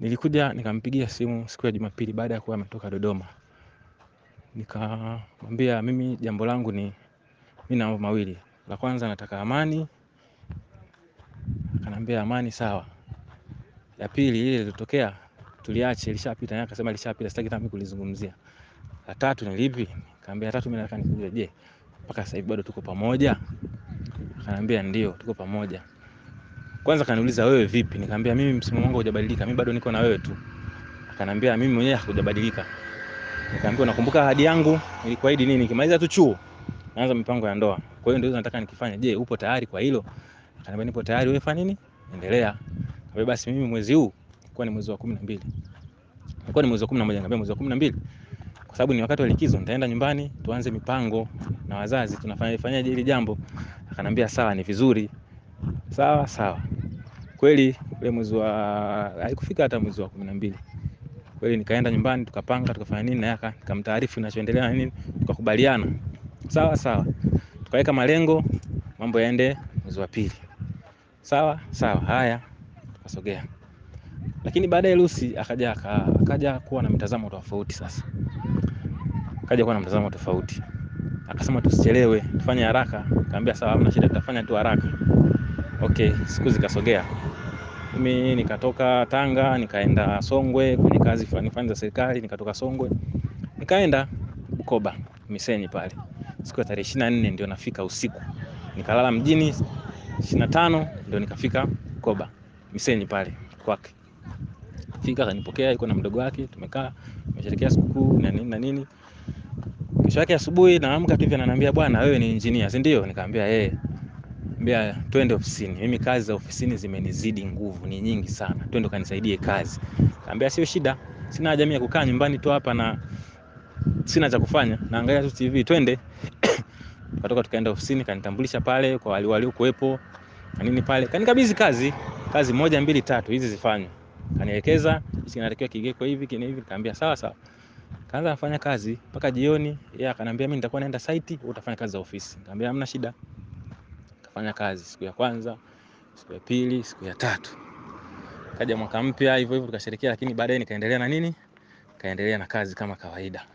Nilikuja nikampigia simu siku ya Jumapili baada ya kuwa ametoka Dodoma, nikamwambia mimi jambo langu ni mimi na mambo mawili, la kwanza nataka amani. Akanambia amani sawa, ya pili ile ilitokea tuliache, ilishapita. Naye akasema ilishapita, sitaki tena kulizungumzia. La tatu ni lipi? Kaambia tatu mimi nataka nikujue, je, mpaka sasa hivi bado tuko pamoja? Akanambia ndio, tuko pamoja. Kwanza kaniuliza wewe vipi? Nikamwambia mimi msimamo wangu hujabadilika, mimi bado niko na wewe tu. Akanambia mimi mwenyewe hakujabadilika. Nikamwambia unakumbuka ahadi yangu nilikuahidi nini? Nikimaliza tu chuo naanza mipango ya ndoa. Kwa hiyo ndio nataka nikifanya. Je, upo tayari kwa hilo? Akanambia nipo tayari, wewe fanya nini? Endelea. Nikamwambia basi mimi mwezi huu kwa ni mwezi wa 12. nilikuwa ni mwezi wa 11, nikamwambia mwezi wa 12. Kwa sababu ni wakati wa likizo, nitaenda nyumbani tuanze mipango na wazazi tunafanya fanyaje hili jambo. Akanambia sawa, ni vizuri. Sawa sawa kweli ule mwezi wa haikufika hata mwezi wa kumi na mbili kweli nikaenda nyumbani tukapanga tukafanya nini naye nikamtaarifu inachoendelea na nini tukakubaliana sawa sawa tukaweka malengo mambo yaende mwezi wa pili sawa sawa haya tukasogea lakini baadaye Lucy akaja akaja kuwa na mtazamo tofauti sasa akaja kuwa na mtazamo tofauti akasema tusichelewe tufanye haraka kaambia sawa hamna shida tutafanya tu haraka okay siku zikasogea mimi nikatoka Tanga nikaenda Songwe kwenye kazi fulani fulani za serikali, nikatoka Songwe nikaenda Bukoba Miseni pale, siku ya tarehe ishirini na nne ndio nafika usiku, nikalala mjini ishirini na tano ndio nikafika Bukoba Miseni pale kwake. Fika kanipokea, yuko na mdogo wake, tumekaa tumesherekea sikukuu na nini na nini. Kesho yake asubuhi naamka tu hivi, ananiambia bwana, wewe ni engineer, si ndio? Nikamwambia yeye, eh. Mbea, twende ofisini. Mimi kazi za ofisini zimenizidi nguvu, ni nyingi sana. Twende kanisaidie kazi. Kaambia sio shida. Sina haja mimi ya kukaa nyumbani tu hapa na sina cha kufanya. Naangalia tu TV. Twende. Tukatoka tukaenda ofisini, kanitambulisha pale kwa wale waliokuwepo. Na nini pale? Kanikabidhi kazi. Kazi moja, mbili, tatu hizi zifanye. Kanielekeza, hizi kinatakiwa kigeko hivi, kine hivi. Kaambia sawa sawa. Kaanza kufanya kazi mpaka jioni. Yeye akanambia mimi nitakuwa naenda site, utafanya kazi za ofisi. Nikamwambia hamna shida kufanya kazi siku ya kwanza, siku ya pili, siku ya tatu. Kaja mwaka mpya hivyo hivyo tukasherekea, lakini baadaye nikaendelea na nini? kaendelea na kazi kama kawaida.